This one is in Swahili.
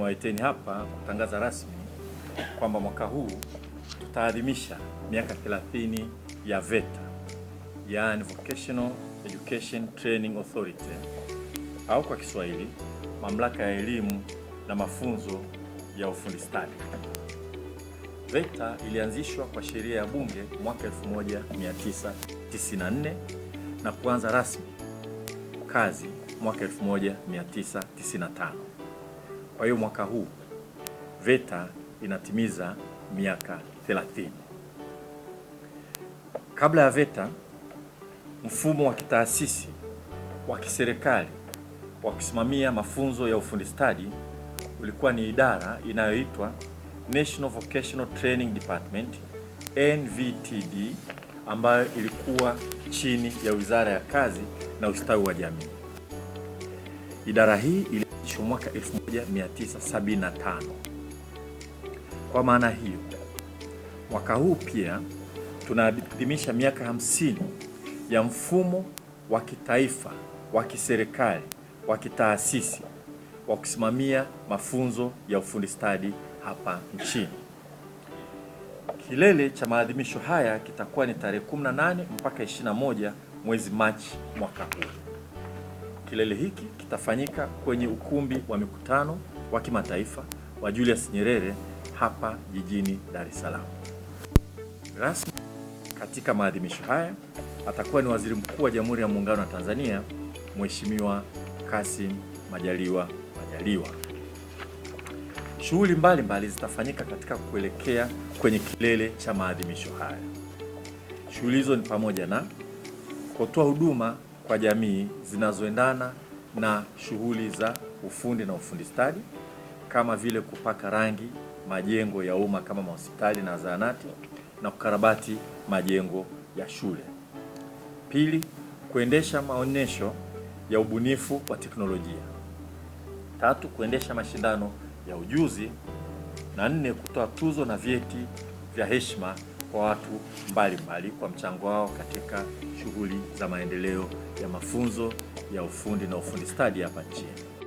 tumewaiteni hapa kutangaza rasmi kwamba mwaka huu tutaadhimisha miaka 30 ya VETA, yani Vocational Education Training Authority, au kwa Kiswahili mamlaka ya elimu na mafunzo ya ufundi stadi. VETA ilianzishwa kwa sheria ya bunge mwaka 1994 na kuanza rasmi kazi mwaka 1995. Kwa hiyo mwaka huu VETA inatimiza miaka 30. Kabla ya VETA, mfumo wa kitaasisi wa kiserikali wa kusimamia mafunzo ya ufundi stadi ulikuwa ni idara inayoitwa National Vocational Training Department NVTD ambayo ilikuwa chini ya Wizara ya Kazi na Ustawi wa Jamii. Idara hii ili maadhimisho mwaka 1975. Kwa maana hiyo, mwaka huu pia tunaadhimisha miaka hamsini ya mfumo wa kitaifa wa kiserikali wa kitaasisi wa kusimamia mafunzo ya ufundi stadi hapa nchini. Kilele cha maadhimisho haya kitakuwa ni tarehe 18 mpaka 21 mwezi Machi mwaka huu. Kilele hiki kitafanyika kwenye ukumbi wa mikutano wa kimataifa wa Julius Nyerere hapa jijini Dar es Salaam. Rasmi katika maadhimisho haya atakuwa ni Waziri Mkuu wa Jamhuri ya Muungano wa Tanzania Mheshimiwa Kassim Majaliwa Majaliwa. Shughuli mbalimbali zitafanyika katika kuelekea kwenye kilele cha maadhimisho haya. Shughuli hizo ni pamoja na kutoa huduma kwa jamii zinazoendana na shughuli za ufundi na ufundi stadi kama vile kupaka rangi majengo ya umma kama mahospitali na zahanati na kukarabati majengo ya shule. Pili, kuendesha maonyesho ya ubunifu wa teknolojia. Tatu, kuendesha mashindano ya ujuzi na nne, kutoa tuzo na vyeti vya heshima kwa watu mbalimbali mbali kwa mchango wao katika shughuli za maendeleo ya mafunzo ya ufundi na ufundi stadi hapa nchini.